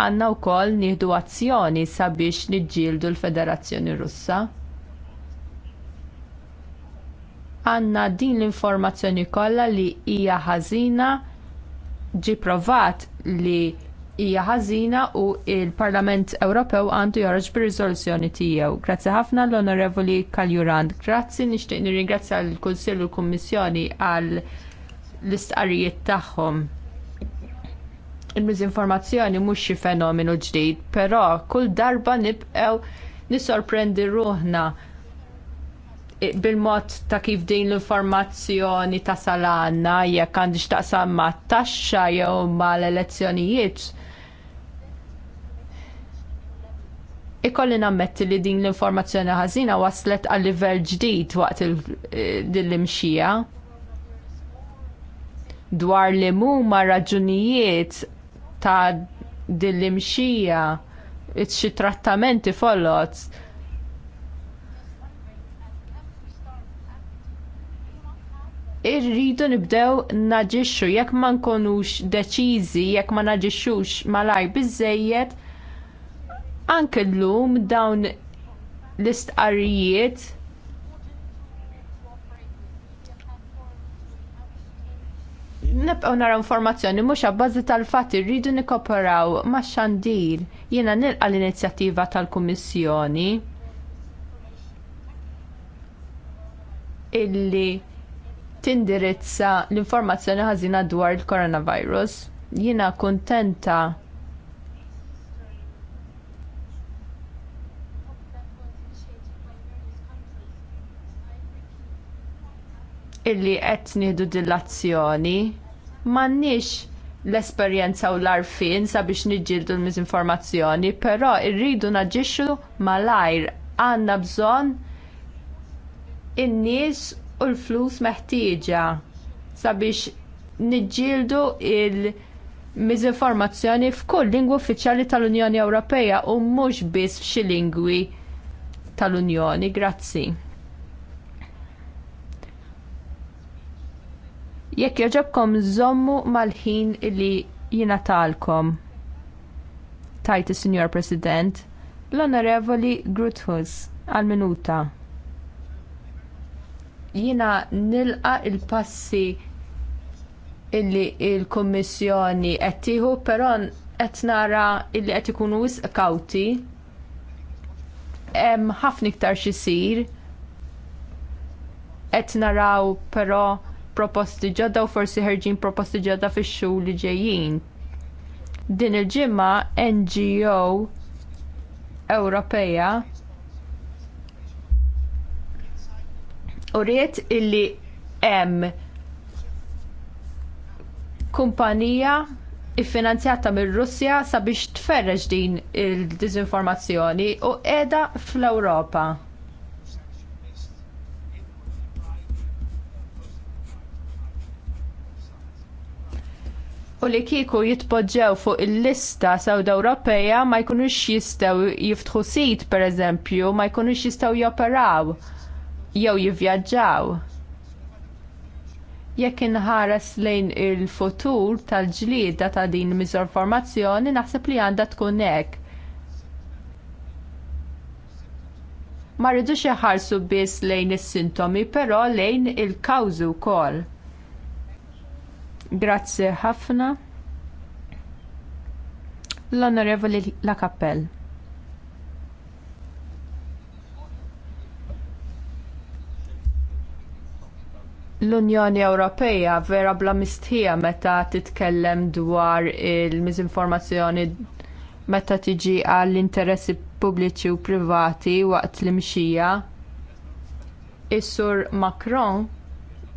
għandna wkoll nieħdu azzjoni sabiex niġġieldu l-Federazzjoni Russa. Għandna din l-informazzjoni kollha li hija ħażina ġi provat li hija ħażina u l parlament Ewropew għandu joħroġ bir-riżoluzzjoni tiegħu. Grazzi ħafna l-Onorevoli Kaljurand. Grazzi nixtieq nirringrazzja l-Kunsill u l-Kummissjoni għal l-istqarrijiet tagħhom il-mizinformazzjoni mhux xi fenomenu ġdid, però kull darba nibqgħu nisorprendi ruħna bil-mod ta' kif din l-informazzjoni ta' salanna jekk għandix taqsam ma' taxxa jew mal elezzjonijiet. Ikolli nammetti li din l-informazzjoni ħażina waslet għal livell ġdid waqt il-imxija eh, dwar li huma raġunijiet ta' dil-imxija, xi trattamenti follot. irridu nibdew naġixxu jekk ma nkunux deċiżi, jekk ma naġixxux malajr biżżejjed, anke llum dawn l-istqarrijiet nibqgħu naraw informazzjoni mhux abbażi tal-fatt irridu nikoperaw ma' xandir jiena nilqa l-inizjattiva tal-Kummissjoni illi tindirizza l-informazzjoni ħażina dwar il-coronavirus. Jiena kuntenta illi qed nieħdu dilazzjoni m'għandniex l-esperjenza u l-arfin sabiex niġġieldu l-mizinformazzjoni, però rridu naġixxu malajr għandna bżonn in-nies u l-flus meħtieġa sabiex niġġieldu l miżinformazzjoni f'kull lingwa uffiċjali tal-Unjoni Ewropea u mhux biss f'xi lingwi tal-Unjoni. Grazzi. Jekk joġobkom żommu mal-ħin li jingħatalkom. Tajt is-Sinjor President, l-Onorevoli Gruthus għal-minuta. Jiena nilqa il-passi illi il kummissjoni qed tieħu, però qed nara illi qed ikunu wisq kawti. Hemm ħafna iktar xisir. Qed naraw però proposti ġodda u forsi ħerġin proposti ġodda fix-xhur li ġejjin. Din il-ġimgħa NGO Ewropea uriet illi hemm kumpanija iffinanzjata mir-Russja sabiex tferreġ din il-diżinformazzjoni u qiegħda fl-Ewropa. u li kieku jitpoġġew fuq il-lista Sawda Ewropea ma jkunux jistgħu jiftħu sit pereżempju, ma jkunux jistgħu joperaw jew jivvjaġġaw. Jekk inħares lejn il-futur tal-ġlieda ta' din miżorformazzjoni naħseb li għandha tkun hekk. Ma rridux iħarsu biss lejn is-sintomi, però lejn il-kawżi wkoll. Grazzi ħafna. L-Onorevoli La Cappell. l-Unjoni Ewropea vera bla mistħija meta titkellem dwar il-miżinformazzjoni meta tiġi għall interessi pubbliċi u privati waqt l-imxija. Is-sur Macron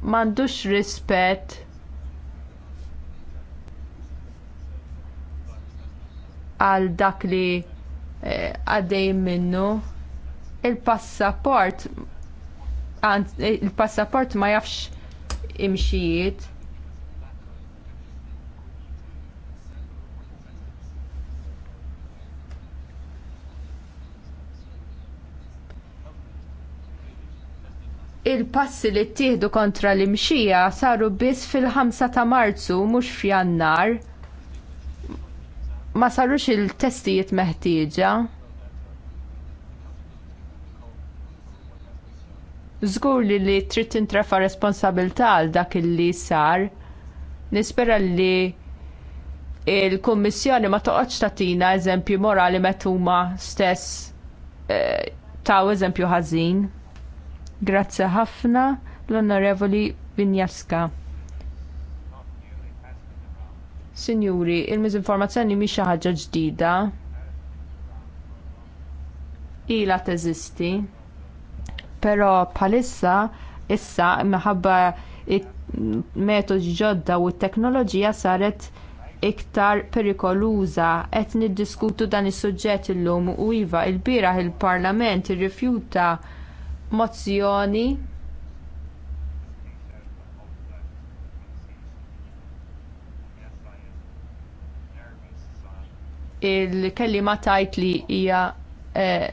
m'għandux rispett għal dak li eh, għaddej minnu il-passaport eh, il-passaport ma jafx imxijiet il-passi li ttieħdu kontra l-imxija saru biss fil-5 ta' Marzu mhux f'Jannar ma sarux il-testijiet meħtieġa. Żgur li li trid intrafa responsabilità għal dak li sar. Nispera li il kummissjoni ma toqgħodx tagħtina eżempju morali meta huma stess eh, taw eżempju ħażin. Grazzi ħafna l-Onorevoli Vinjaska. Sinjuri, il-mizinformazzjoni mhi xi ħaġa ġdida. Ila teżisti. Però bħalissa issa minħabba metodi ġodda u t-teknoloġija saret iktar perikoluża qed niddiskutu dan is-suġġett illum u iva il-bieraħ il-Parlament irrifjuta mozzjoni il-kellima tajt li hija eh,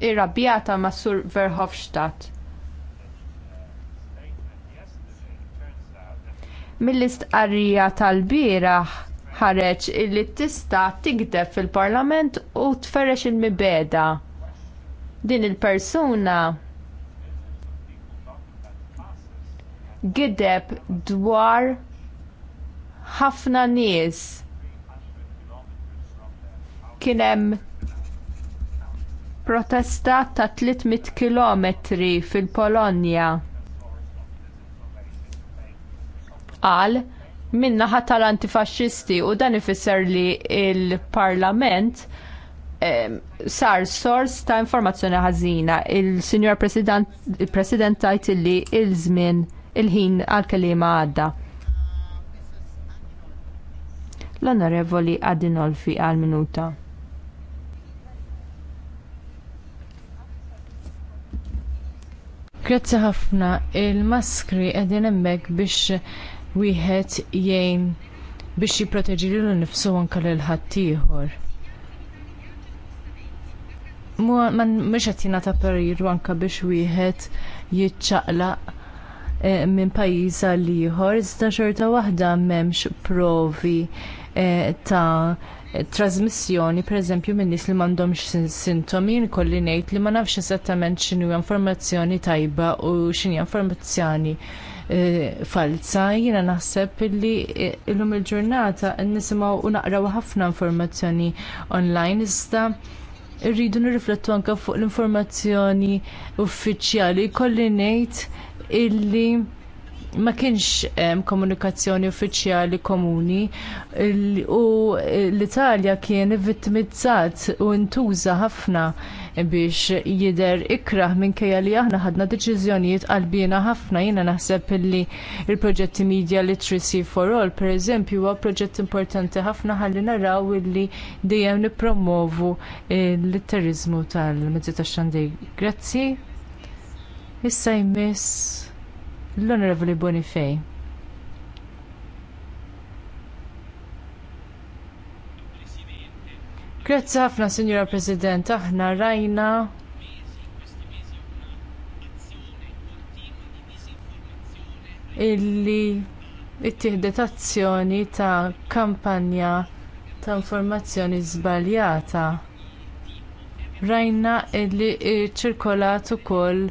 irrabjata ma' Sur Verhofstadt. Mill-istqarrija tal-bieraħ ħareġ illi tista' tikdeb fil-Parlament u tferrex il-mibeda. Din il-persuna gideb dwar ħafna nies kien hemm protesta ta' 300 km fil-Polonja. Għal min-naħa tal-antifaxxisti u dan ifisser li l parlament eh, sar sors ta' informazzjoni ħażina. Il-Sinjor President il tajt li il-żmien il-ħin għall kelliema għadda l-Onorevoli Adinolfi għal minuta. Grazzi ħafna, il-maskri qegħdin hemmhekk biex wieħed jgħin biex jipproteġi lilu nnifsu anka lil ħaddieħor. Mhux qed jingħata parir anke biex wieħed jiċċaqlaq Eh, minn pajjiż għal ieħor, iżda xorta waħda m'hemmx provi eh, ta' trasmissjoni pereżempju minn nies li m'għandhomx sintomi kolli ngħid li ma nafx esattament x'inhu informazzjoni tajba u x'inhi informazzjoni eh, falsa, jiena naħseb li llum il-ġurnata nisimgħu u naqraw ħafna informazzjoni online iżda rridu nirriflettu anke fuq l-informazzjoni uffiċjali kolli ngħid illi ma kienx hemm komunikazzjoni uffiċjali komuni u l-Italja kien vittimizzat u ntuża ħafna biex jidher ikraħ minkejja li aħna ħadna deċiżjonijiet qalbina ħafna jiena naħseb illi l proġetti Media Literacy for All pereżempju huwa proġett importanti ħafna ħalli naraw illi dejjem nippromovu l-litterizmu tal-Mezzi tax-Xandej. Grazzi. Issa jmiss L-Onorevoli Bonifej. Grazzi ħafna, Signora President, aħna rajna illi ittieħdet azzjoni ta' kampanja ta' informazzjoni żbaljata. Rajna illi ċirkolat ukoll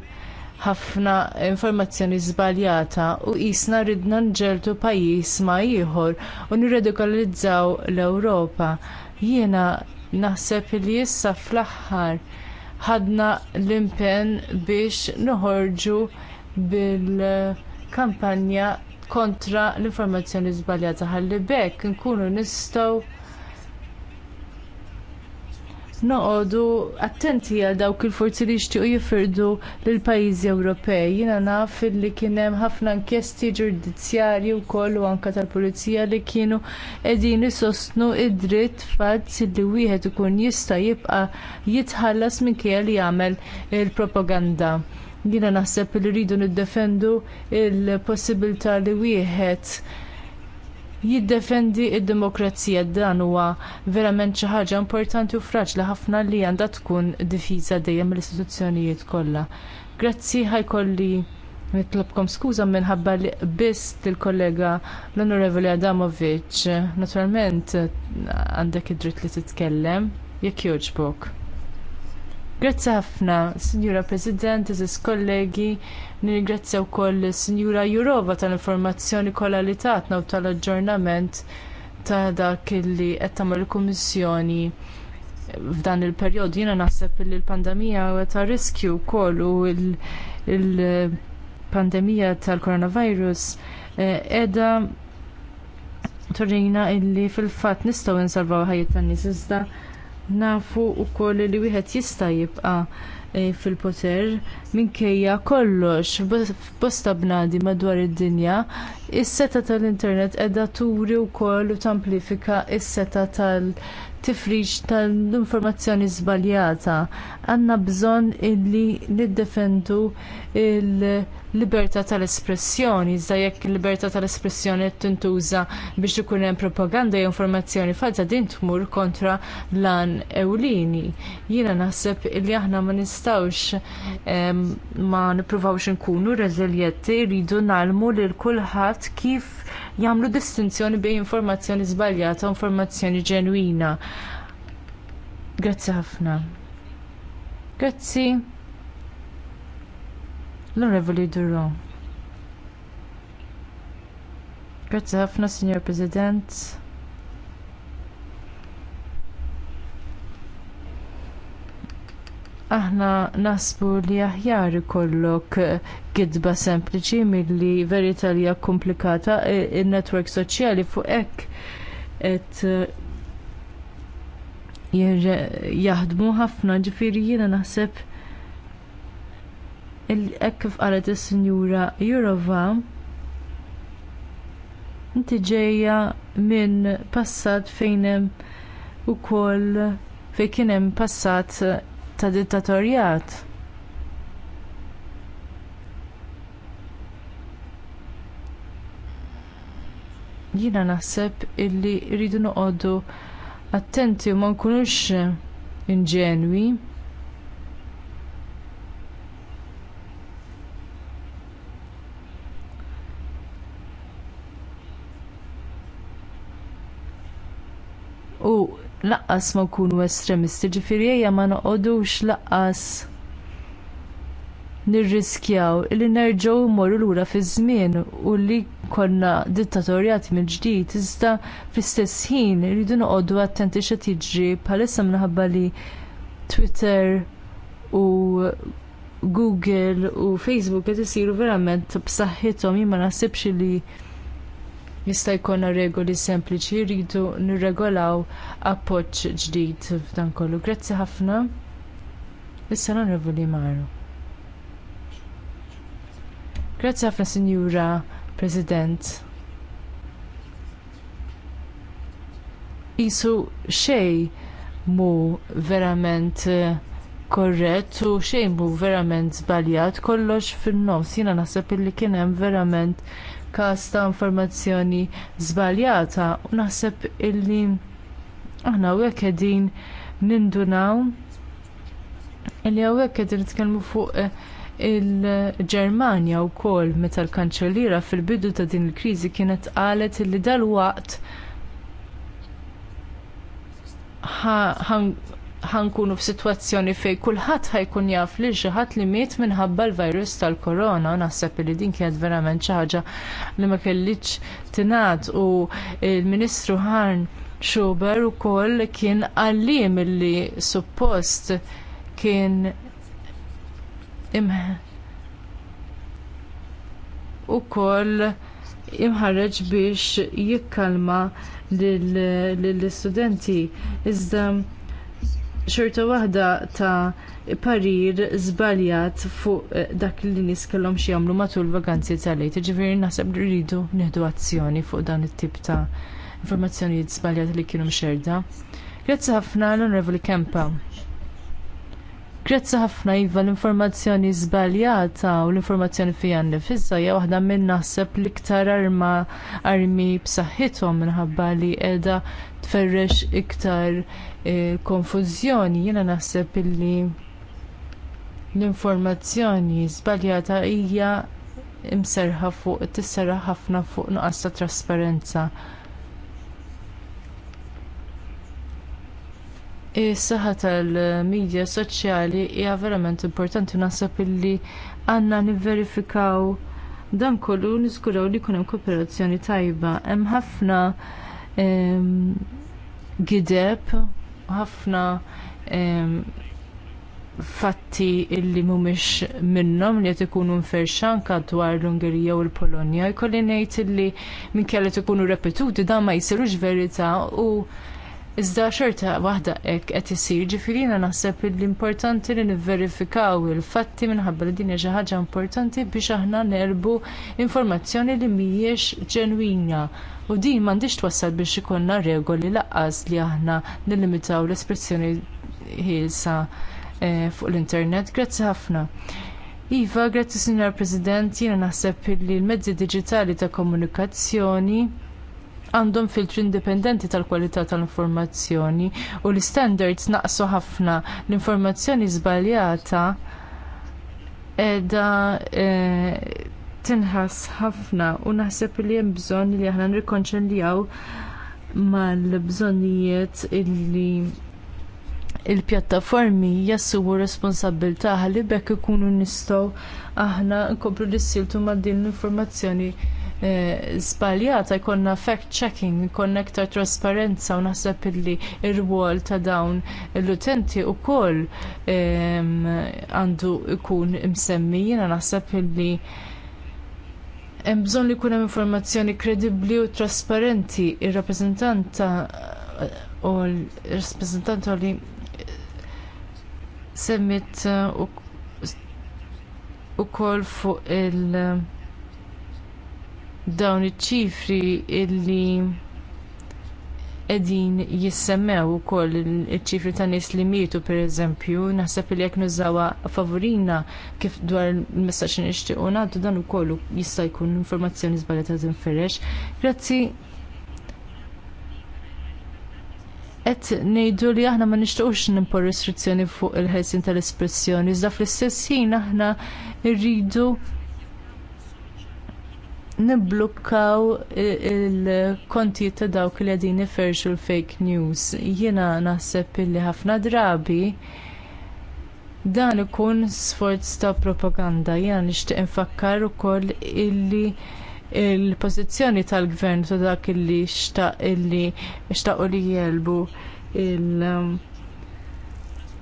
ħafna informazzjoni żbaljata u qisna ridna nġeltu pajjiż ma ieħor u nirradikalizzaw l-Ewropa. Jiena naħseb li issa fl-aħħar ħadna l-impenn biex noħorġu bil-kampanja kontra l-informazzjoni żbaljata ħalli bekk nkunu nistgħu noqogħdu attenti għal dawk il-forzi li jixtiequ jifirdu lill pajjiżi Ewropej. Jiena naf li kien hemm ħafna inkjesti ġudizzjarji wkoll u anke tal-pulizija li kienu qegħdin isostnu id-dritt fatt li wieħed ikun jista' jibqa' jitħallas minkejja li jagħmel il-propaganda. Jiena naħseb li rridu niddefendu il-possibilità li wieħed jiddefendi d demokrazija dan huwa verament xi ħaġa importanti u fraġli ħafna li għandha tkun difiża dejjem mill-istituzzjonijiet kollha. Grazzi ħajkolli nitlobkom skuża minħabba li biss il-kollega l-Onorevoli Adamovic, naturalment għandek id-dritt li titkellem, jekk jogħġbok. Grazzi ħafna, Signora President, eżis kollegi, nirgrazzja wkoll Signora Jurova tal-informazzjoni kollha li tatna u tal-aġġornament ta' dak li qed tagħmel il-Kummissjoni f'dan il-perjodu. Jiena naħseb li l-pandemija u ta' riskju wkoll u l-pandemija tal-coronavirus eh, qiegħda turina illi fil-fatt nistgħu nsalvaw ħajja tan-nies iżda nafu wkoll li wieħed jista' jibqa' eh, fil-poter minkejja kollox bosta bnadi madwar id-dinja is-seta tal-internet qiegħda turi wkoll u tamplifika is-seta tal-tifriġ tal-informazzjoni żbaljata. Għandna bżonn illi niddefendu il- libertà tal-espressjoni, iżda jekk il-libertà tal-espressjoni qed tintuża biex ikun hemm propaganda jew informazzjoni falsa din tmur kontra lan ewlieni. Jiena naħseb li aħna ma nistgħux ma nippruvawx inkunu reżiljenti rridu nagħmlu lil kulħadd kif jagħmlu distinzjoni bejn informazzjoni żbaljata u informazzjoni ġenwina. Grazzi ħafna. Grazzi. L-Onorevoli Duro. Grazie ħafna, Signor President. Aħna nasbu li aħjar ikollok gidba sempliċi milli verita li hija komplikata e, in-netwerk soċjali fuq hekk et e, jaħdmu ħafna ġifieri jiena naħseb hekk kif qalet is-Sinjura Jurova inti ġejja minn passat fejn hemm ukoll fejn kien hemm passat ta' dittatorjat. Jiena naħseb illi rridu noqogħdu attenti u ma nkunux inġenwi. u laqqas ma nkunu estremisti ġifiri ejja ma noqogħdux laqqas nirriskjaw li nerġgħu mmorru lura fi żmien u li konna dittatorjati minn ġdid iżda fl-istess ħin rridu noqogħdu attenti x'qed jiġri bħalissa minħabba li Twitter u Google u Facebook qed isiru verament b'saħħithom jien ma naħsibx li jista' jkollna regoli sempliċi jridu nirregolaw appoġġ ġdid f'dan kollu. Grazzi ħafna. Issa l-Onorevoli Maru. Grazzi ħafna Sinjura President. Isu xej mu verament korrett u xejn mu verament żbaljat kollox fin-nofs jina naħseb illi kien hemm verament każ ta' informazzjoni żbaljata u naħseb illi aħna u hekk qegħdin nindunaw illi hawnhekk qegħdin nitkellmu fuq eh, il-Ġermanja wkoll meta l-kanċellira fil-bidu ta' din il-kriżi kienet qalet illi dalwaqt ħankunu f'sitwazzjoni fejn kulħadd ħajkun jaf li xi ħadd li miet minħabba l-virus tal-korona naħseb li din kienet verament xi ħaġa li ma kellix tingħad u l ministru Harn Schuber ukoll kien għallim li suppost kien ukoll imħarreġ biex jikkalma lill-istudenti. Iżda xorta waħda ta' parir żbaljat fuq eh, dak li nies kellhom xi jagħmlu matul vakanzi tal lej Ġifieri naħseb li rridu nieħdu azzjoni fuq dan it-tip ta' informazzjonijiet żbaljat li kienu mxerda. Grazzi ħafna l-Onorevoli Kempa. Grazzi ħafna Iva l-informazzjoni żbaljata u l-informazzjoni fija nifissa hija waħda minn naħseb l-iktar arma armi b'saħħithom minħabba li qiegħda tferrex iktar konfużjoni jiena naħseb illi l-informazzjoni żbaljata hija imserħa fuq tisserħa ħafna fuq nuqqas ta' trasparenza. Is-saħħa tal-medja soċjali hija verament importanti naħseb illi għandna nivverifikaw dan kollu niskuraw li jkun hemm kooperazzjoni tajba. Hemm ħafna ehm, gideb ħafna fatti illi mhumiex minnhom li qed ikunu mferxanka dwar l-Ungerija u l-Polonja, jkolli ngħid illi minn kellet ikunu repetuti dan ma jsirux verità u Iżda xorta waħda hekk qed isir ġifirina naħseb li importanti li nivverifikaw il-fatti minħabba li din hija xi ħaġa importanti biex aħna nerbu informazzjoni li mhijiex ġenwina. U din m'għandix twassal biex ikollna regoli laqqas li aħna nillimitaw l-espressjoni ħielsa eh, fuq l-internet. Grazzi ħafna. Iva, grazzi Signor President, jiena naħseb li l-mezzi diġitali ta' komunikazzjoni għandhom filtri indipendenti tal-kwalità tal-informazzjoni u l-standards naqsu ħafna l-informazzjoni żbaljata edha e, tinħass ħafna u naħseb li hemm bżonn li aħna nirkonċenjaw mal-bżonnijiet illi il-pjattaformi jassumu responsabilta ħalli bekk ikunu nistgħu aħna nkomplu l-siltu ma' din l-informazzjoni Eh, zbaljata jkollna fact-checking, jkollna aktar trasparenza u naħseb illi ir-rwol ta' dawn l-utenti wkoll għandu jkun imsemmi jiena naħseb illi hemm bżonn li jkun hemm informazzjoni kredibbli u trasparenti ir-rappreżentanta eh, u l-rappreżentanta li semmit eh, ukoll fuq il- dawn iċ-ċifri illi qegħdin jissemmew ukoll iċ-ċifri ta' nies li mietu pereżempju, naħseb li jekk nużawha favorina kif dwar il-messaġġ li nixtiequ ngħaddu dan ukoll jista' jkun informazzjoni żbaljata tinferex. Grazzi qed ngħidu li aħna ma nixtiequx nimporu restrizzjoni fuq il-ħelsin tal-espressjoni, iżda fl-istess ħin aħna rridu nibblukkaw il-konti ta' dawk li qegħdin iferxu l-fake news. Jiena naħseb illi ħafna drabi dan ikun sforz ta' propaganda. Jiena nixtieq infakkar ukoll illi il-pożizzjoni tal-gvern ta' dak illi xtaq illi xtaqu li jelbu il-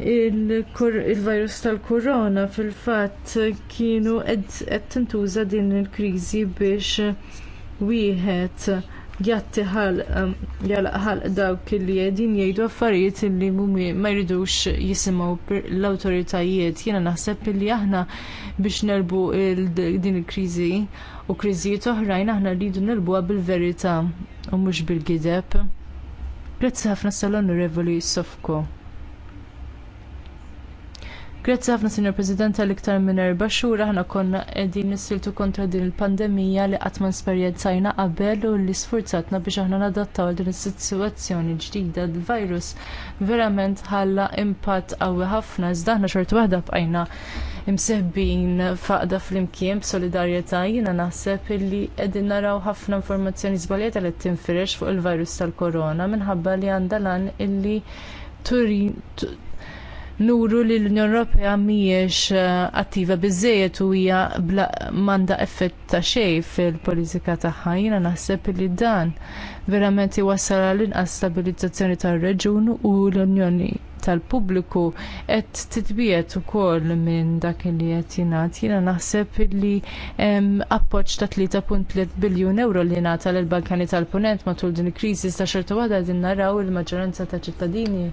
il-virus tal-korona fil fatt kienu qed tintuża din il-kriżi biex wieħed jatti jalaq dawk li qegħdin jgħidu affarijiet li mhumi ma jridux jisimgħu l-awtoritajiet. Jiena naħseb li aħna biex nerbu din il-kriżi u kriżijiet oħrajn aħna rridu nerbuha bil-verità u mhux bil-gideb. Grazzi ħafna sal-Onorevoli Sofko. Grazzi ħafna, Sinjor President, għal-iktar minn erba' xhur aħna konna qegħdin nisiltu kontra din il-pandemija li qatt ma esperjenzajna qabel u li sfurzatna biex aħna nadattaw din is-sitwazzjoni ġdida. Il-virus verament ħalla impatt qawwi ħafna iżda aħna xorta waħda bqajna imsebbin faqda flimkien b'solidarjetà jiena naħseb illi qegħdin naraw ħafna informazzjoni żbaljata li tinfirex fuq il-virus tal-korona minħabba li għandha lan illi turin nuru li l-Unjoni Ewropea mhijiex eh, attiva biżejjed u hija bla m'għandha effett ta' xejn fil-politika tagħha. Jiena naħseb li dan verament iwassal għal inqas stabilizzazzjoni tar-reġun u l-Unjoni tal-pubbliku qed titbiet ukoll minn dak li qed jingħad. Jiena naħseb li appoġġ ta' 3.3 biljun euro li ngħata lill balkani tal-Punent matul din il-kriżi sta' xorta waħda qegħdin naraw il-maġġoranza ta' ċittadini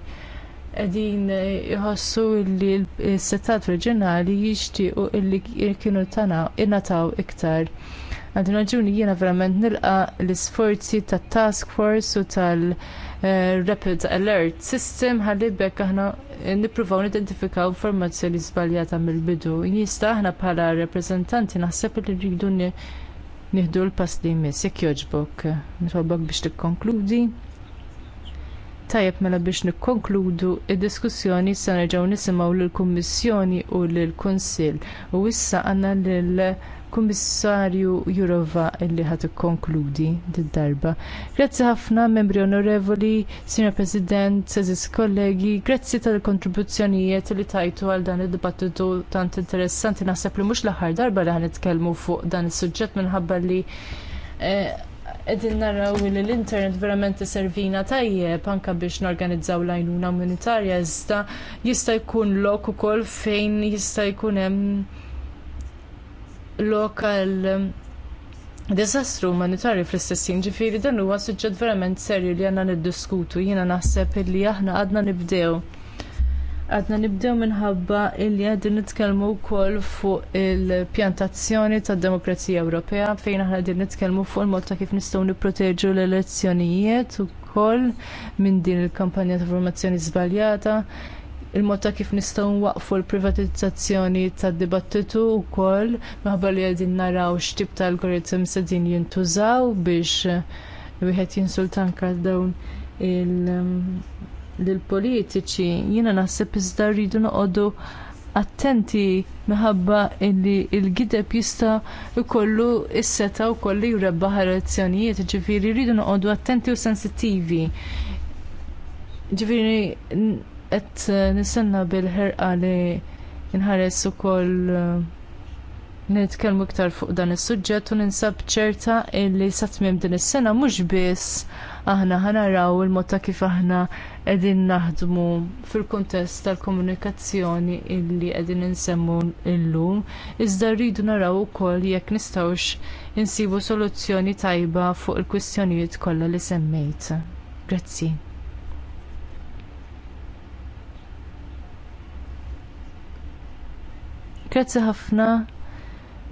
qegħdin jħossu eh, li l-settat reġjonali jixtiequ illi kienu tana ingħataw iktar. Għandin raġuni jiena verament nilqa l-isforzi tat task force u tal-Rapid eh, Alert System ħallibek bekk aħna nippruvaw nidentifikaw informazzjoni żbaljata mill-bidu. Jista' aħna bħala rappreżentanti naħseb li rridu nieħdu l-pass li jmiss. Jekk jogħġbok, nitolbok biex tikkonkludi. Tajjeb mela biex nikkonkludu id-diskussjoni se nerġgħu nisimgħu lill-Kummissjoni u lill-Kunsill u issa għandna lill-Kummissarju Jurova illi ħad ikkonkludi darba Grazzi ħafna membri onorevoli, Signor President, Sezis kollegi, grazzi tal-kontribuzzjonijiet li tajtu għal dan id-dibattitu tant interessanti naħseb li mhux l-aħħar darba li ħanitkellmu fuq dan is-suġġett minħabba li eh, qegħdin naraw li l-internet verament iservina tajjeb anke biex norganizzaw l-għajnuna umanitarja iżda jista' jkun lok ukoll fejn jista' jkun hemm lokal Disastru umanitarju fl-istessin ġifiri dan huwa suġġett verament serju li għandna niddiskutu jiena naħseb illi aħna għadna nibdew. Għadna nibdew minħabba illi għadin nitkellmu wkoll fuq il-pjantazzjoni tad demokrazija Ewropea fejn aħna qegħdin nitkellmu fuq il-mod ta' kif nistgħu nipproteġu l-elezzjonijiet ukoll minn din il-kampanja ta' formazzjoni żbaljata il-mod ta' kif nistgħu waqfu l-privatizzazzjoni tad-dibattitu wkoll minħabba li qegħdin naraw x'tip ta' algoritm se din jintużaw biex wieħed jinsultanka dawn il- lill-politiċi, jiena naħseb iżda rridu noqogħdu attenti minħabba illi il-gideb jista' jkollu s-seta wkoll jrebbaħ elezzjonijiet, ġifieri rridu noqogħdu attenti u sensittivi. Ġifieri qed nistenna bil-ħerqa li nħares ukoll nitkellmu iktar fuq dan is-suġġett u ninsab ċerta illi sa tmiem din is-sena mhux biss aħna ħanaraw il-mod ta' kif aħna qegħdin naħdmu fil-kuntest tal-komunikazzjoni illi qegħdin insemmu llum, iżda rridu naraw ukoll jekk nistgħux insibu soluzzjoni tajba fuq il-kwistjonijiet kollha li semmejt. Grazzi. Grazzi ħafna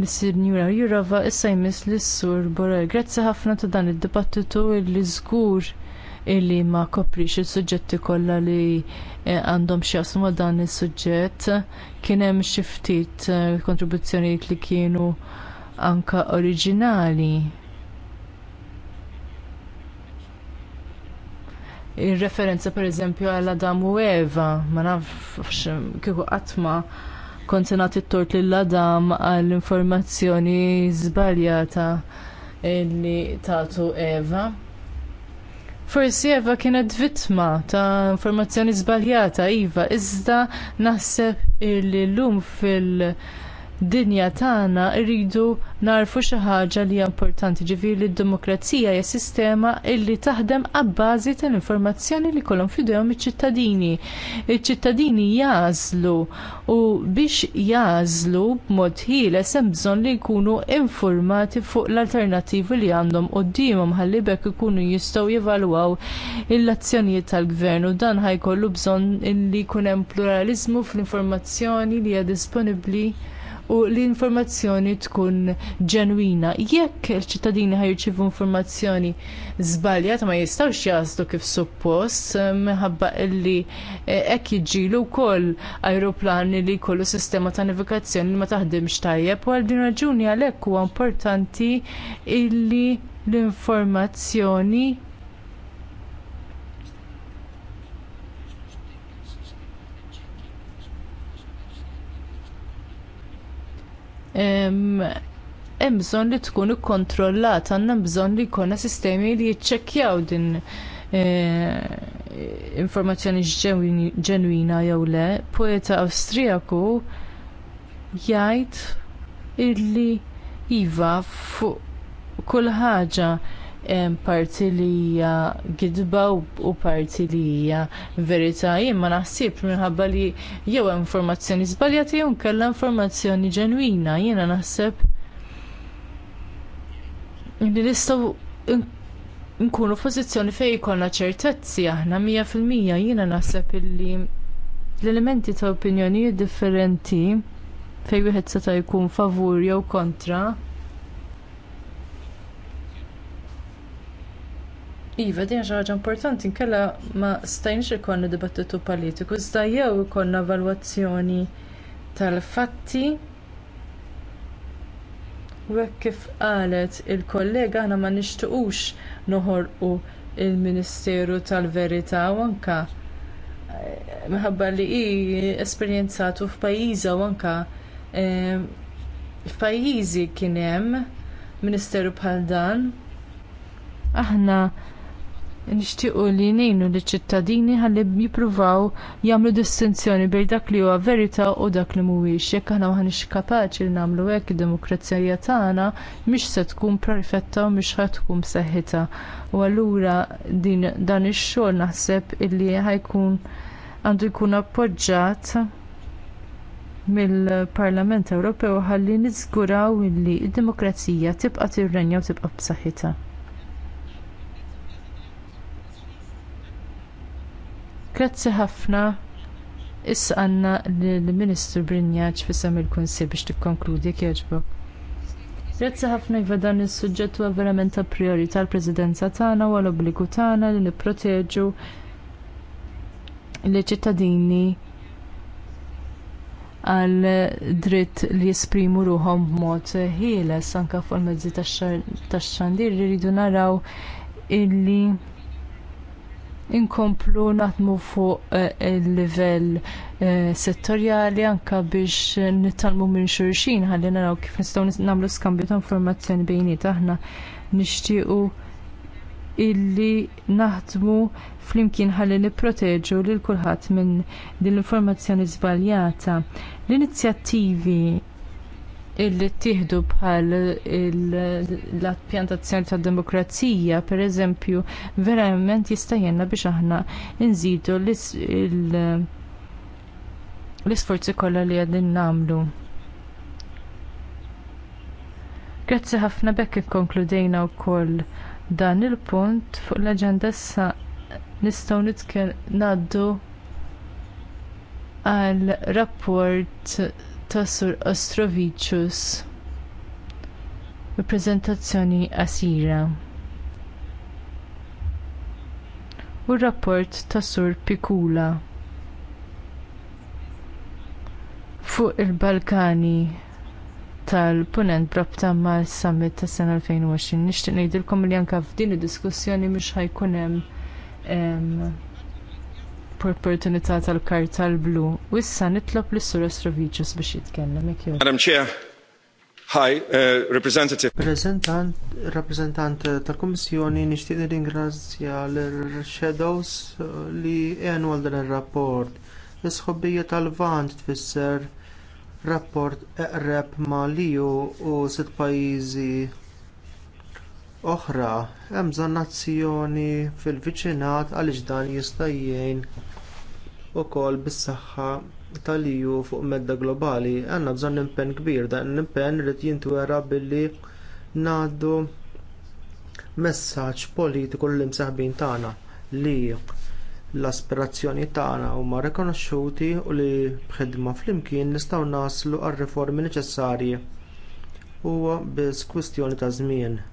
lis-Sinjura Jurava issa jmiss lis-Sur Borrell. Grazzi ħafna ta' dan id-dibattitu li żgur illi ma koprix il-suġġetti kollha li eh, għandhom xjasmu ma dan is-suġġett. Kien hemm xi ftit eh, kontribuzzjonijiet li kienu anka oriġinali. Ir-referenza pereżempju għal Adam u Eva, ma nafx kieku qatt ma' konsenat it-tort l ladam għall-informazzjoni żbaljata li tagħtu Eva. Forsi Eva kienet vittma ta' informazzjoni żbaljata Iva, iżda naħseb illi l-lum fil- dinja tagħna rridu narfu xi ħaġa li hija importanti ġifieri d-demokrazija hija sistema li taħdem abbażi tal-informazzjoni li jkollhom f'idejhom iċ-ċittadini. Iċ-ċittadini jażlu u biex jażlu b'mod ħieles hemm bżonn li jkunu infurmati fuq l-alternattivi li għandhom qudiemhom ħalli bekk ikunu jistgħu jevalwaw l-azzjonijiet tal-gvern u dan ħajkollu bżonn li jkun hemm pluraliżmu fl-informazzjoni li hija disponibbli u l-informazzjoni tkun ġenwina. Jekk il-ċittadini ħajċivu informazzjoni zbaljat ma jistawx jaslu kif suppost minħabba illi eh, ekk jġilu wkoll ajruplani li jkollu sistema ta' navigazzjoni li ma taħdimx tajjeb u għal din raġuni għalhekk huwa importanti illi l-informazzjoni hemm bżonn li tkun ikkontrollat, għandna bżonn li jkollna sistemi li jiċċekkjaw din eh, informazzjoni ġenwina jew le. Poeta Awstrijaku jgħid illi iva fuq kull ħaġa parti li hija gidba u parti li hija verità. Jien ma naħsib minħabba li jew informazzjoni żbaljata jew nkella informazzjoni ġenwina. Jiena naħseb li nistgħu nkunu f'pożizzjoni fejn jkollna ċertezzi aħna mija fil-mija jiena naħseb illi l-elementi ta' opinjonijiet differenti fejn wieħed seta' jkun favur jew kontra Iva, din ħaġa importanti, inkella ma stajniex ikonna dibattitu politiku, iżda jew ikonna valwazzjoni tal-fatti. U hekk kif qalet il-kollega aħna ma nixtiequx noħorqu l ministeru tal-Verità u anke eh, minħabba li hi esperjenzatu f'pajjiża u anke eh, f'pajjiżi kien hemm ministeru bħal dan aħna nixtiequ li ngħinu liċ ċittadini ħalli jippruvaw jagħmlu distinzjoni bejn dak li huwa verità u dak li mhuwiex. Jekk aħna maħniex kapaċi li nagħmlu hekk id-demokrazija tagħna mhix se tkun perfetta u mhix ħadd tkun b'saħħitha. U allura din dan ix-xogħol naħseb illi ħajkun għandu jkun appoġġat mill-Parlament Ewropew ħalli niżguraw illi d-demokrazija tibqa' tirrenja u tibqa' b'saħħitha. Grazzi ħafna. Issa għanna l-Ministru Brinjaċ sam il-Kunsi biex tikkonkludi kieġbu. Grazzi ħafna jiva dan il-sujġett huwa verament ta' priorità l-Presidenza tagħna u l-obbligu tagħna li nipproteġu l-ċittadini għal dritt li jesprimu ruhom b'mod ħieles anke fuq il-mezzi tax-xandir li rridu naraw illi inkomplu naħdmu fuq eh, il-livell eh, settorjali anke biex nittalmu minn xulxin ħalli naraw kif nistgħu nagħmlu skambju ta' informazzjoni bejniet aħna nixtiequ illi naħdmu flimkien ħalli nipproteġu lil kulħadd minn din l-informazzjoni żbaljata. L-inizjattivi illi tieħdu bħal l-appjantazzjoni tad demokrazija, pereżempju, verament jista' jenna biex aħna nżidu l-isforzi kollha li qegħdin nagħmlu. Grazzi ħafna bekk ikkonkludejna wkoll dan il-punt fuq l-aġenda issa nistgħu nitkellem ngħaddu għal rapport ta' Sur Ostrovicius. Rappresentazzjoni Asira. U rapport ta' Sur Pikula. Fuq il-Balkani tal-punent brabta mal summit tas sena 2020. Nixtieq ngħidilkom li anke f'din id-diskussjoni mhux ħajkun hemm opportunità tal-karta l-blu. U issa nitlob lis sur Estrovicius biex jitkellem Madam Chair, Hi, uh, representative. Representant, rappresentant tal-Komissjoni nixtieq nirringrazzja l-Shadows li għenu għal dan ir-rapport. l sħobbija tal-Vant tfisser rapport eqreb ma' liju u sitt pajjiżi oħra hemm bżonn fil-viċinat għaliex dan jista' jgħin ukoll bis-saħħa tal-EU fuq medda globali. Għandna bżonn impenn kbir, dan l-impenn irid jintwera billi ngħaddu messaġġ politiku lill imsaħbin tagħna li l-aspirazzjoni tagħna huma rikonoxxuti u li b'ħidma flimkien nistgħu naslu għar-riformi neċessarji huwa biss kwistjoni ta' żmien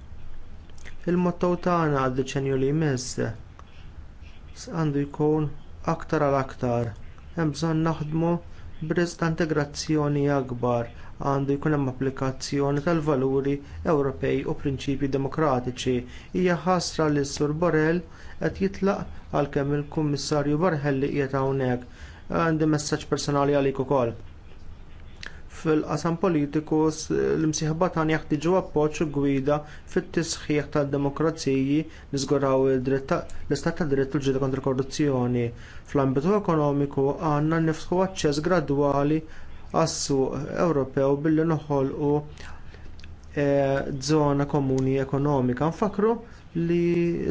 il mottow tagħna għad-deċenju li jmiss għandu jkun aktar għal aktar. Hemm bżonn naħdmu b'rizq ta' integrazzjoni akbar għandu jkun hemm applikazzjoni tal-valuri Ewropej u prinċipji demokratiċi. Hija ħasra li s-Sur Borrell qed jitlaq għalkemm il-Kummissarju Borrell li qiegħed hawnhekk. Għandi messaġġ personali għalik ukoll fil-qasam politiku l-imsieħba tagħna jaħtiġu appoġġ u gwida fit-tisħiħ tad-demokraziji niżguraw l-istat ta' dritt l-ġida kontra korruzzjoni. Fl-ambitu ekonomiku għandna nifsħu aċċess gradwali għas-suq Ewropew billi noħolqu żona e, komuni ekonomika. Nfakru li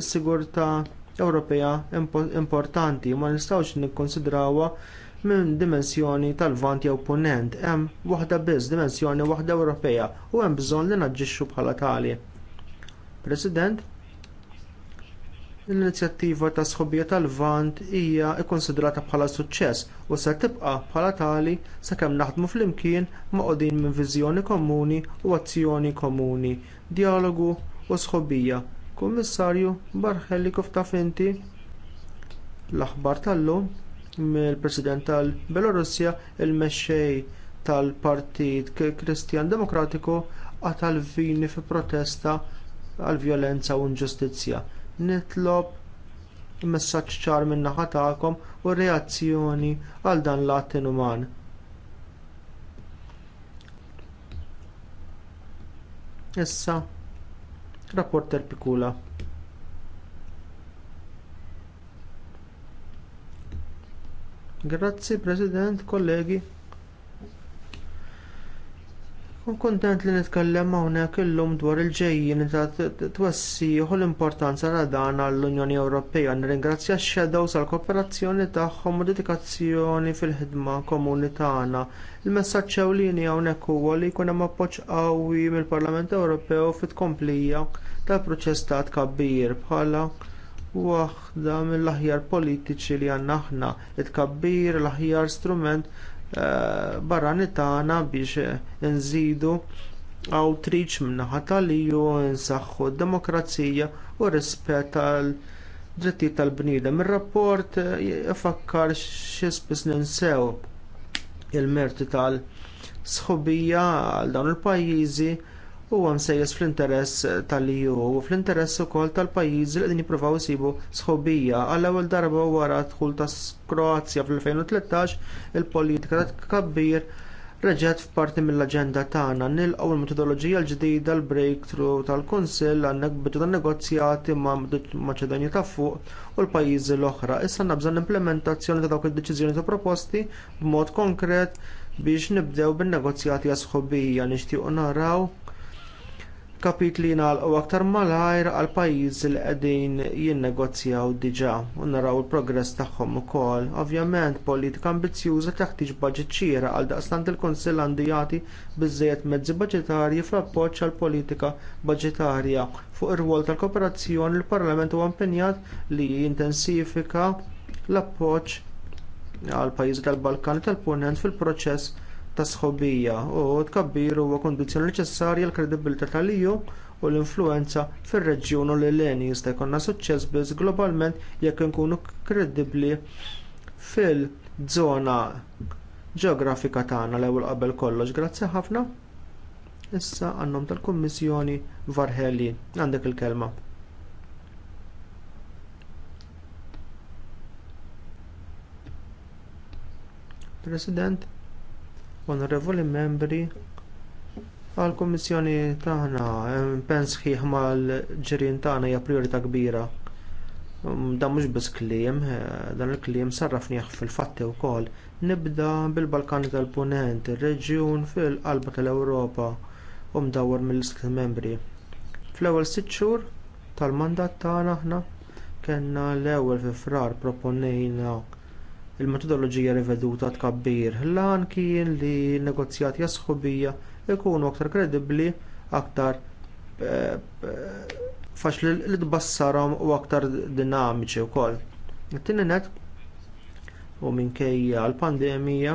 s-sigurtà Ewropea importanti ma nistgħux nikkonsidrawha minn dimensjoni tal-vant jew punent, hemm waħda biss dimensjoni waħda Ewropea u hemm bżonn li naġġixxu bħala tali. President, l-inizjattiva ta' sħobija tal-vant hija kkunsidrata bħala suċċess u se tibqa' bħala tali sakemm naħdmu flimkien ma' qogħdin minn viżjoni komuni u azzjoni komuni, dijalogu u sħobija. Kummissarju, barħelli kif taf inti l-aħbar tal-lum mill-President tal-Belorussja il-mexxej tal-Partit Kristjan Demokratiku għatal vini fi protesta għal vjolenza u inġustizzja. Nitlob messaġġ ċar min naħa tagħkom u reazzjoni għal dan l-att inuman. Issa, rapporter Pikula. Grazzi, President, kollegi. Kun kontent li nitkellem hawnhekk illum dwar il-ġejjin ta' u l-importanza ta' dan għall-Unjoni Ewropea. Nirringrazzja x-Shadows għall kooperazzjoni tagħhom u dedikazzjoni fil-ħidma komuni tagħna. Il-messaġġ ewlieni hawnhekk huwa li jkun hemm appoġġ qawwi mill-Parlament Ewropew fit-tkomplija tal-proċess ta' tkabbir bħala waħda mill-aħjar politiċi li għandna aħna it-kabbir l-aħjar strument eh, barrani tagħna biex eh, nżidu outreach min-naħa tal-EU nsaħħu d-demokrazija u rispett tal drittijiet tal-bniedem. Ir-rapport eh, ifakkar xi spiss ninsew il-merti tal sħubija għal dawn il-pajjiżi huwa sejjes fl-interess tal-EU u fl-interess ukoll tal-pajjiżi li qegħdin jippruvaw isibu sħobija. Għall ewwel darba wara dħul ta' Kroazja fl-2013 il-politika ta' tkabbir reġgħet f'parti mill-aġenda tagħna nilqgħu l-metodoloġija l-ġdida l-breakthrough tal-Kunsill għandek bidu tan negozjati ma' Maċedonja ta' fuq u l-pajjiżi l-oħra. Issa bżonn implementazzjoni ta' dawk id-deċiżjoni ta' proposti b'mod konkret biex nibdew bin-negozjati għasħobija nixtiequ naraw kapitli jingħalqu aktar malajr għal pajjiżi li qegħdin jinnegozjaw diġà u naraw il-progress tagħhom ukoll. Ovvjament politika ambizzjuża taħtieġ baġit xieraq għal daqstant il-Kunsill għandu jagħti biżżejjed mezzi baġitarji fl-appoġġ għall politika baġitarja. Fuq ir-rwol tal-kooperazzjoni il-Parlament huwa impenjat li jintensifika l-appoġġ għal pajjiżi tal-Balkani tal-Punent fil-proċess ta' sħobija u tkabbir huwa kundizzjoni neċessarja l-kredibilità tal u l-influenza fir-reġjun u l-Eleni jista' jkollna suċċess biss globalment jekk inkunu kredibbli fil-żona ġeografika tagħna l-ewwel qabel kollox. Grazzi ħafna. Issa għannom tal-Kummissjoni Varhelli għandek il-kelma. President, onorevoli membri, għall-Kummissjoni tagħna pens sħiħ mal-ġirien tagħna hija priorità kbira. Um, dan mhux biss kliem, eh, dan il-kliem sarrafnieh fil-fatti wkoll. Nibda bil-Balkani tal-Punent, ir-reġjun fil-qalba tal-Ewropa u mdawwar mill-istat membri. Fl-ewwel sitt xhur tal-mandat tagħna aħna kellna l-ewwel fi frar proponejna il-metodoloġija riveduta tkabbir l-għan kien li n negozjati jasħubija ikunu aktar kredibbli, aktar eh, eh, faċli li tbassarom u aktar dinamiċi wkoll. It-tieni u minkejja l-pandemija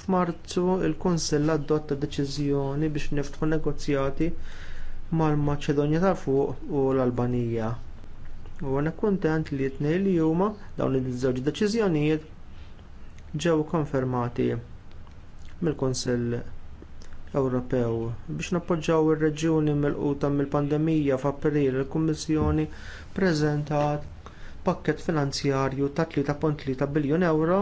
f'Marzu il-Kunsill adotta deċiżjoni biex niftħu negozjati mal-Maċedonja ta' fuq u l-Albanija. U għana kuntent li t tnejn li huma dawn iż-żewġ deċiżjonijiet ġew konfermati mill-Kunsill Ewropew. Biex nappoġġaw ir-reġjuni mill mill-pandemija f'April il-Kummissjoni ppreżentat pakkett finanzjarju ta' 3.3 biljun euro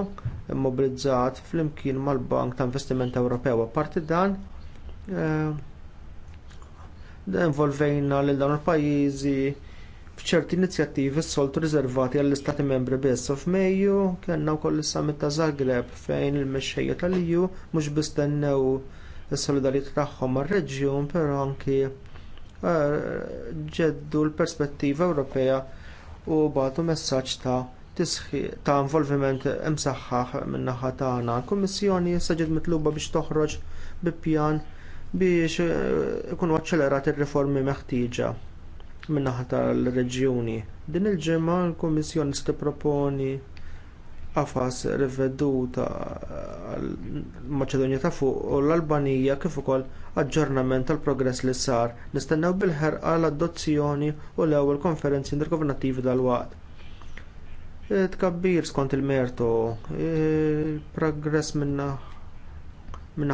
immobilizzat flimkien mal-Bank ta' Investiment Ewropew. Apparti dan, eh, involvejna lil dawn il-pajjiżi f'ċerti inizjattivi s-soltu riservati għall-Istati membri biss. F'Mejju kellna wkoll is-Summit ta' Zagreb fejn il-mexxejja tal-EU mhux bistennew is-solidarjetà tagħhom mar-reġjun, però anki eh, ġeddu l-perspettiva Ewropea u bagħtu messaġġ ta' ta' involviment imsaħħaħ min-naħa tagħna. Kummissjoni issa ġiet mitluba biex toħroġ bi pjan biex eh, ikunu aċċelerati r-riformi meħtieġa min-naħa tal-reġjuni. Din il-ġimgħa l-Kummissjoni se tipproponi qafas riveduta maċedonja ta' fuq u l-Albanija kif ukoll aġġornament tal-progress li sar nistennew bil-ħerqa l-adozzjoni u l-ewwel konferenzi intergovernattivi dalwaqt. E, tkabbir skont il-mertu, e, progress minna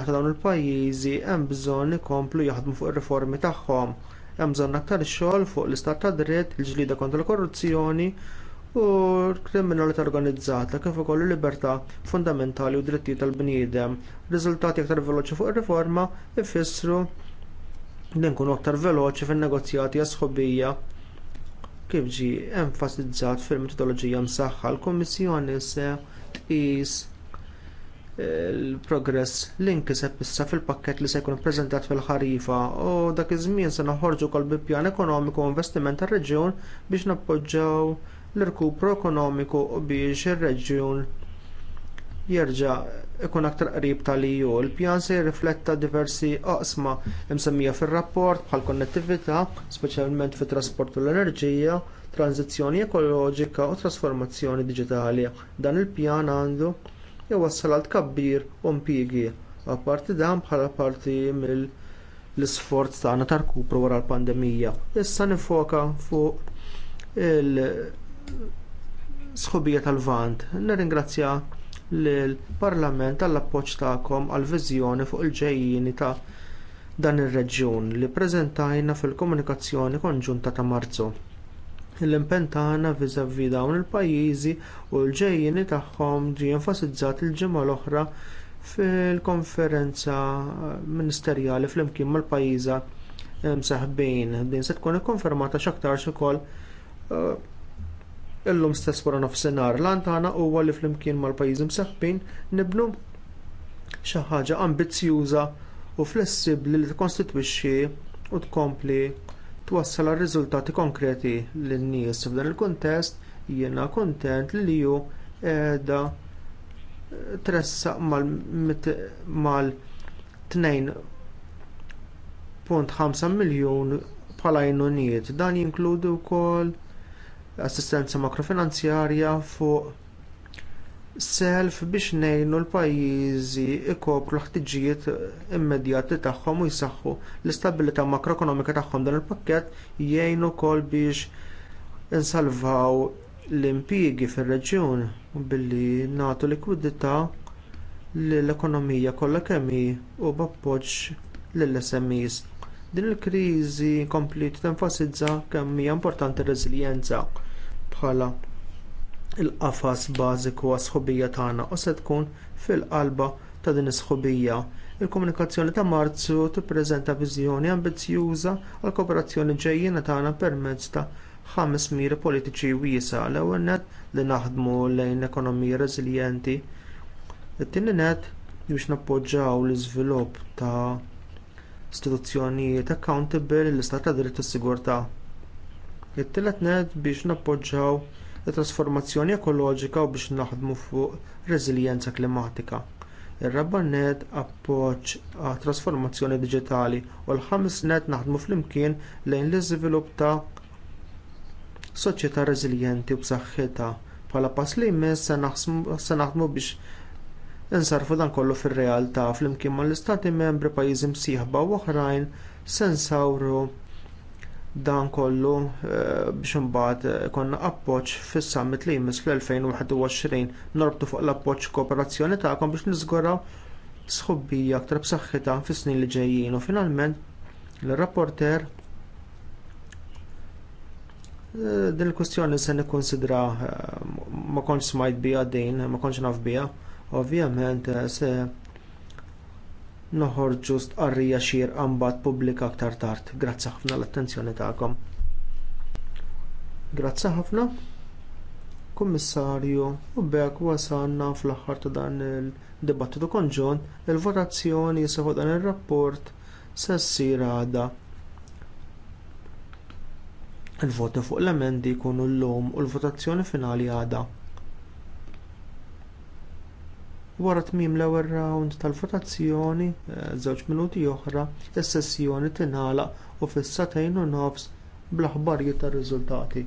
ta dawn il-pajjiżi hemm bżonn ikomplu jaħdmu fuq ir-riformi tagħhom hemm bżonn aktar xogħol fuq l-istat ta' dritt, il-ġlida kontra l-korruzzjoni u l-kriminalità organizzata kif ukoll il-libertà fundamentali u drittijiet tal-bniedem. Riżultati aktar veloċi fuq ir-riforma ifissru li nkunu aktar veloċi fin-negozjati sħobija kif ġie enfasizzat fil-metodoloġija msaħħa l-Kummissjoni se tqis il-progress l-inkiseb issa fil-pakket li se jkun ippreżentat fil-ħarifa u dak iż-żmien se noħorġu wkoll bi pjan ekonomiku u investiment tar-reġjun biex nappoġġjaw l-irkupru ekonomiku u biex ir-reġjun jerġa' ikun aktar qrib tal-EU. Il-pjan se jirrifletta diversi oqsma msemmija fir-rapport bħal konnettività, speċjalment fit trasport u l-enerġija, tranzizzjoni ekoloġika u trasformazzjoni diġitali. Dan il-pjan għandu jewassal għal tkabbir u impjiegi. Apparti dan bħala parti mill l-isforz tagħna ta' rkupru wara l-pandemija. Issa nifoka fuq il-sħubija tal-vant. Nirringrazzja l-Parlament tal-appoġġ tagħkom għall viżjoni fuq il-ġejjini ta' dan ir-reġjun li ppreżentajna fil-komunikazzjoni konġunta ta' Marzu l-impenn tagħna viżavi dawn il-pajjiżi u l-ġejjieni tagħhom ġie enfasizzat il-ġimgħa l-oħra fil-konferenza ministerjali flimkien mal-pajjiża msaħbin. Din se tkun ikkonfermata x'aktarx ukoll uh, illum stess wara nofsinhar. Lan tagħna huwa li flimkien mal-pajjiżi msaħbin nibnu xi ħaġa ambizzjuża u flessibbli li tikkostitwixxi u tkompli twassal għal riżultati konkreti lin-nies f'dan il-kuntest jiena kuntent li ju qiegħda tressaq mal-2.5 miljun bħala jnuniet. Dan jinkludi wkoll assistenza makrofinanzjarja fuq self biex ngħinu l-pajjiżi ikopru l-ħtiġijiet immedjati tagħhom u jsaħħu l-istabilità makroekonomika tagħhom dan il-pakkett jgħinu wkoll biex insalvaw l-impjiegi fir-reġjun billi nagħtu likwidità l-ekonomija kollha kemm hi u b'appoġġ lill-SMEs. Din il-kriżi kompli tenfasizza kemm hija importanti r-reżiljenza bħala Il-qafas bażiku għas-sħubija tagħna u se tkun fil-qalba ta' din is-sħubija. Il-komunikazzjoni ta' Marzu tippreżenta viżjoni ambizzjuża għal kooperazzjoni ġejjina tagħna permezz ta' ħames miri politiċi wiesa l-ewwel nett li naħdmu lejn ekonomija reżiljenti. It-tieni nett biex nappoġġjaw l-iżvilupp ta' istituzzjonijiet accountable l-istat ta' dritt u sigurtà. It-tielet nett biex nappoġġjaw it-trasformazzjoni ekoloġika u biex naħdmu fuq reżiljenza klimatika. Ir-raba' nett appoġġ għat trasformazzjoni diġitali u l-ħames nett naħdmu flimkien lejn l-iżvilupp ta' soċjetà reżiljenti u b'saħħitha bħala pass li jmiss se naħdmu biex insarfu dan kollu fir-realtà flimkien mal istati membri pajjiżi msieħba u oħrajn se nsawru dan kollu eh, biex imbagħad eh, konna appoġġ fis-summit li jmiss fl-2021 norbtu fuq l-appoġġ kooperazzjoni tagħkom biex niżguraw sħubbija aktar b'saħħitha fis-snin li ġejjin u finalment l-rapporter eh, din il-kwestjoni se nikkonsidra ma kontx smajt bija din, ma kontx naf bija, ovvjament se noħorġu stqarrija xir mbagħad pubblika aktar tard. Grazzi ħafna l-attenzjoni tagħkom. Grazzi ħafna. Kummissarju, u bekk wasanna fl-aħħar ta' dan il-dibattitu konġun, il-votazzjoni jisaħu dan ir rapport se ssir għada il-voti fuq l-emendi jkunu llum u l-votazzjoni finali għadha. Wara tmiem l-ewwel round tal-votazzjoni, eh, żewġ minuti oħra, is-sessjoni tingħalaq u fis sagħtejn u nofs bl-aħbarijiet tar-riżultati.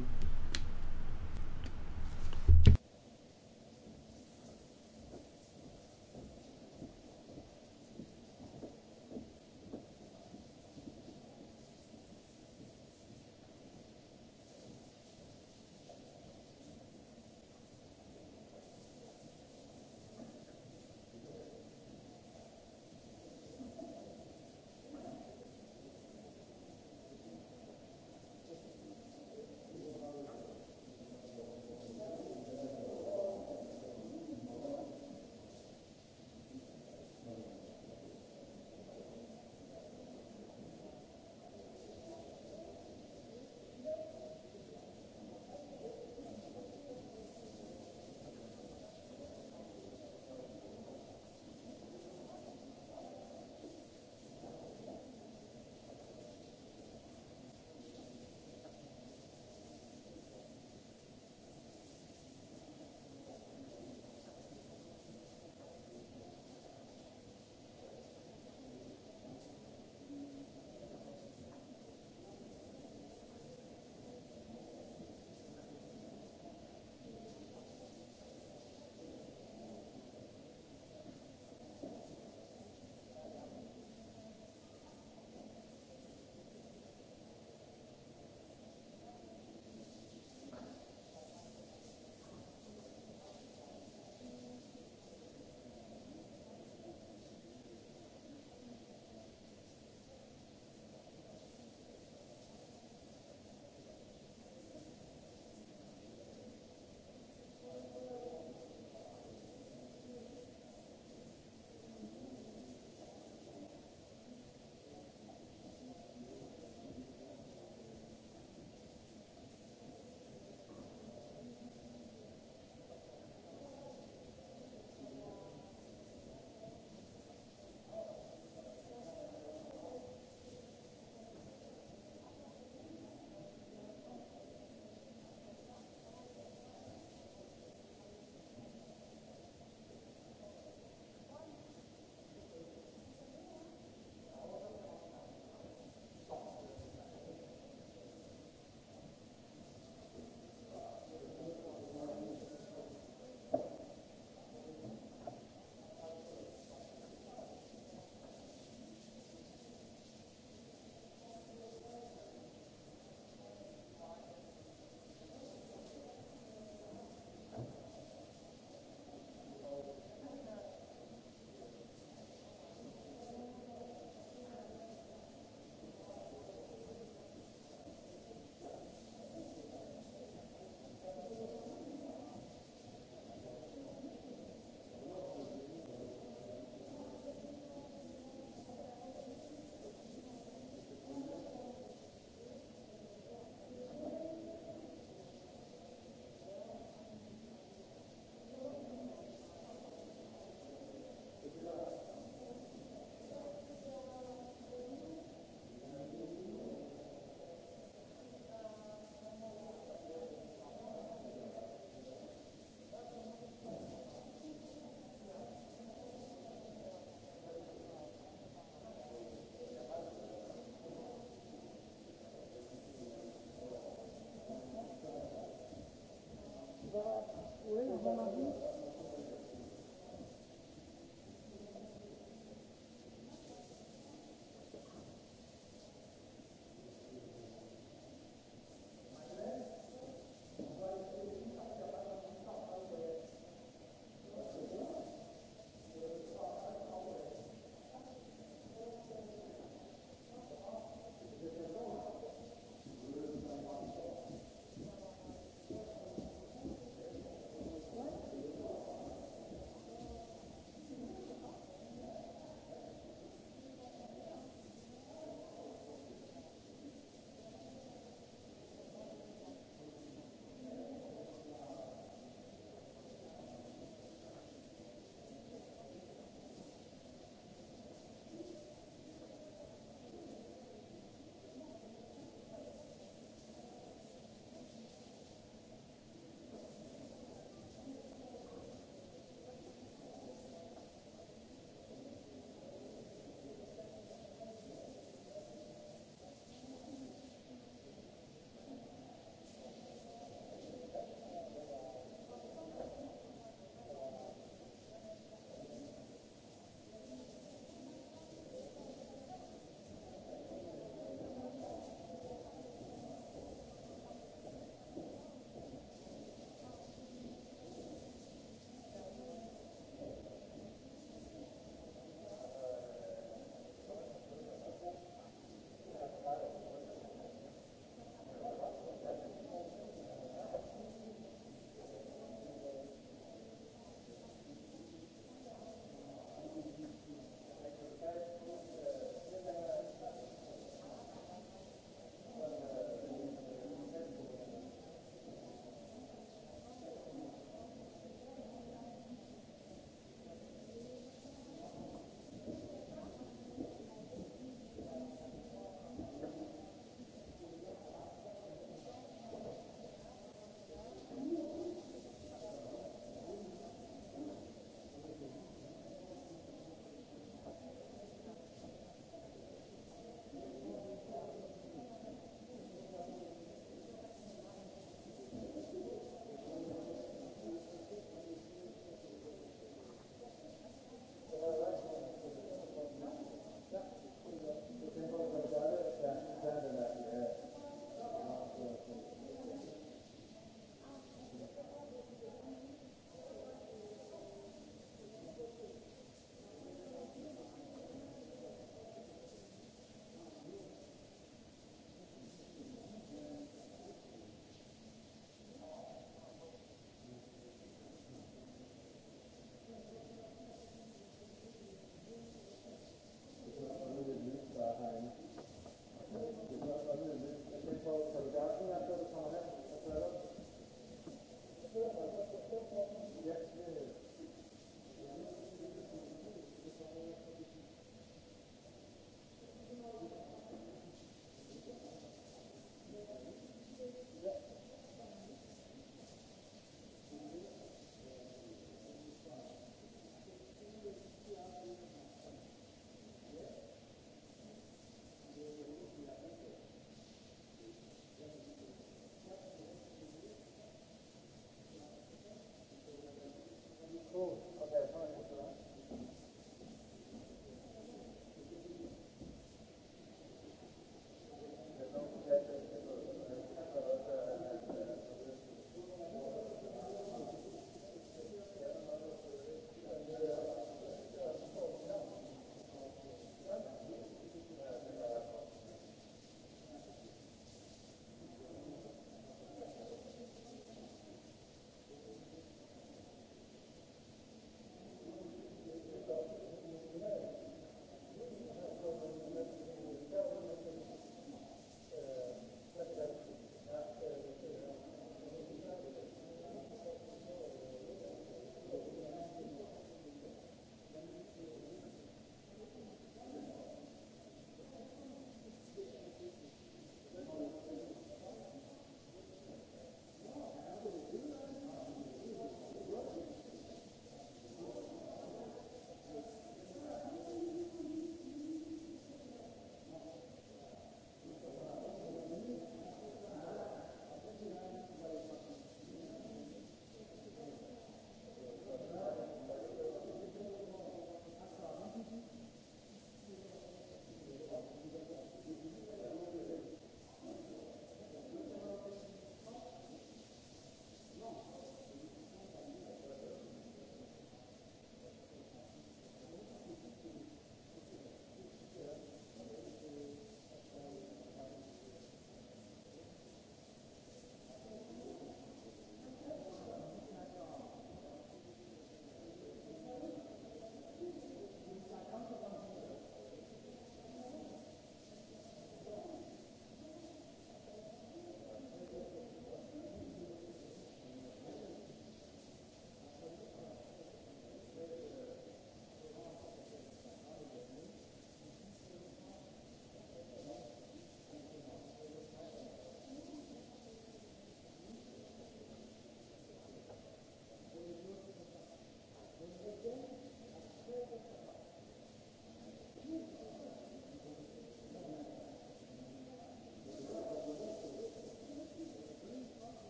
mon avis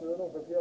Ausführung, was wir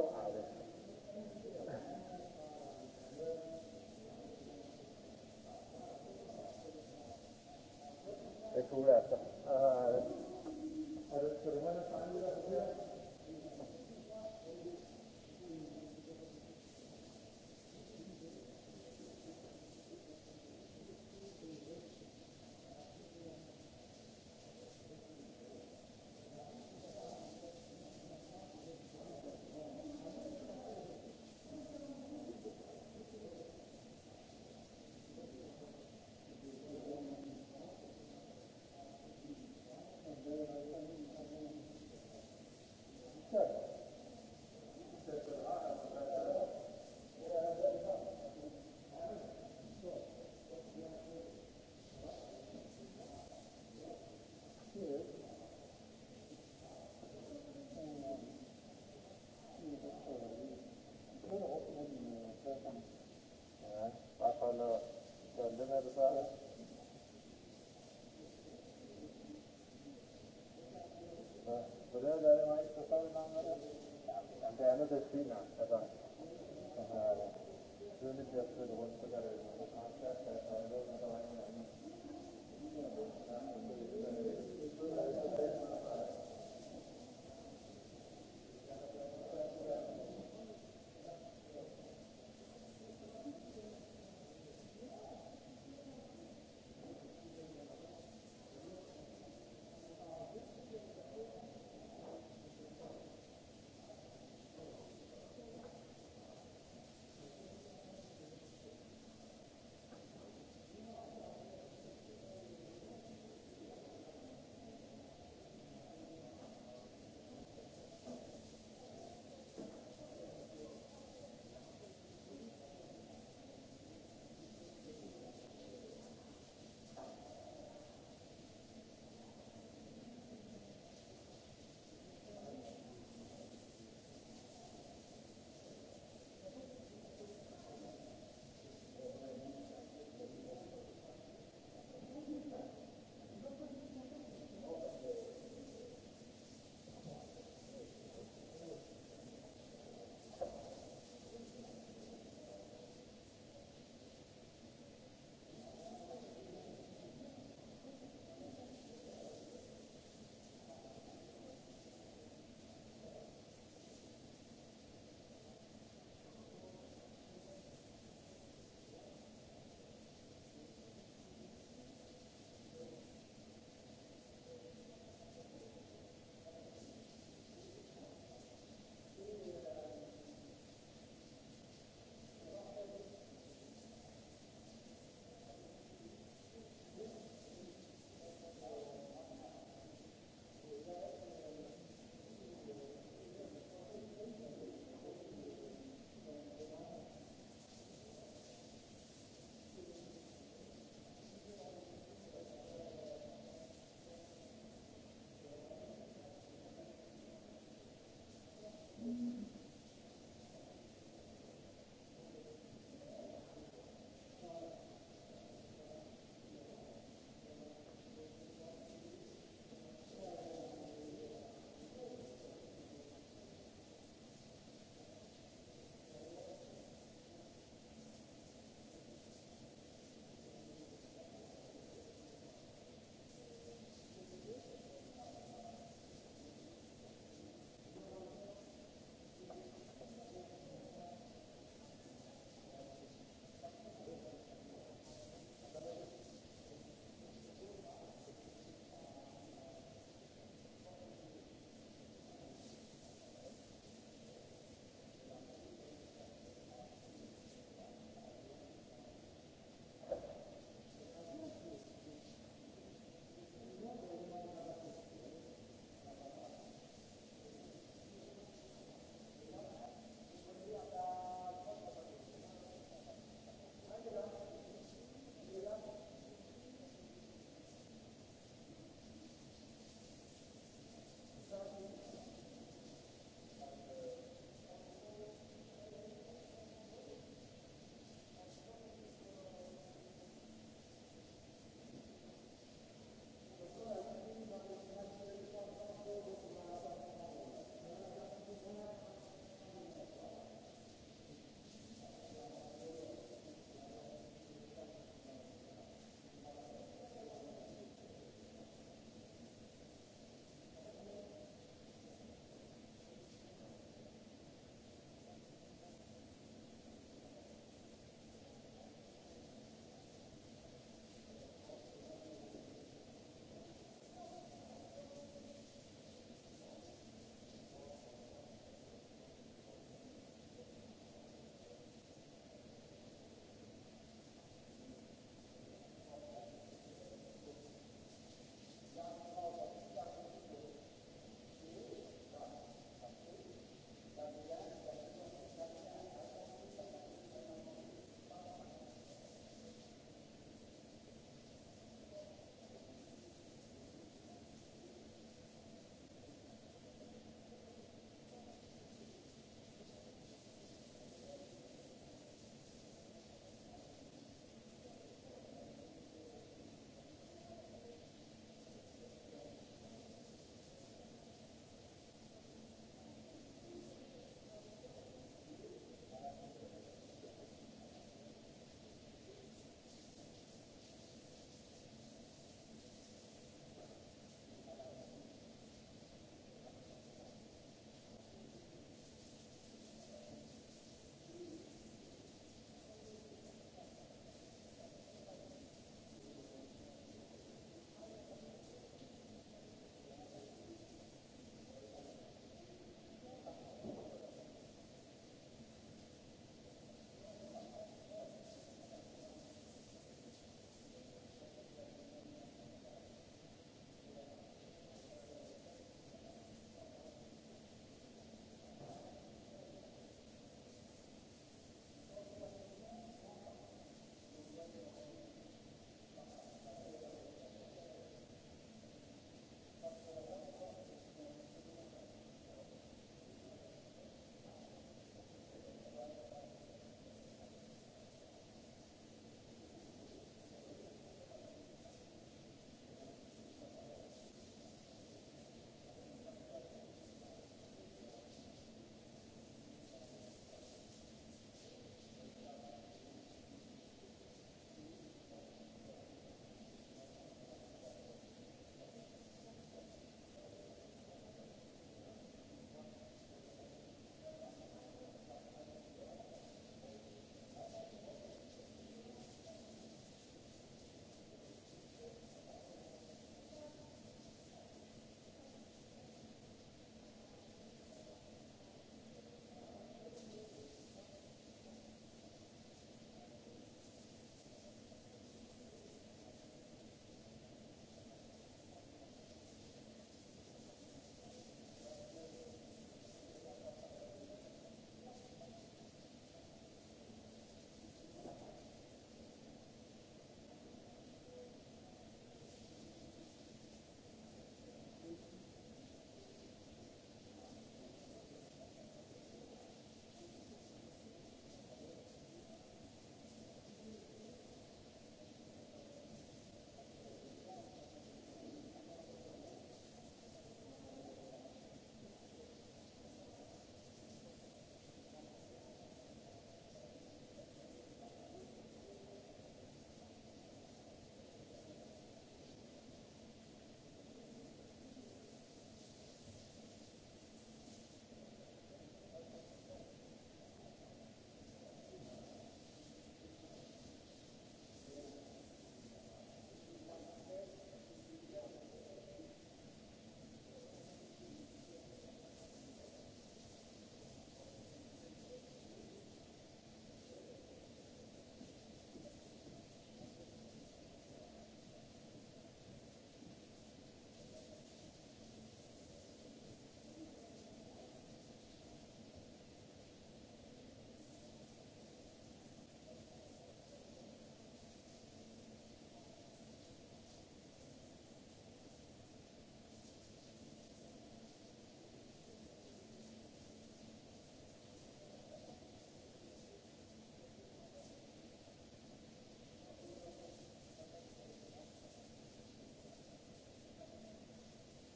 Għanna t-sfina, għadda. Għanna t-sfina, għadda.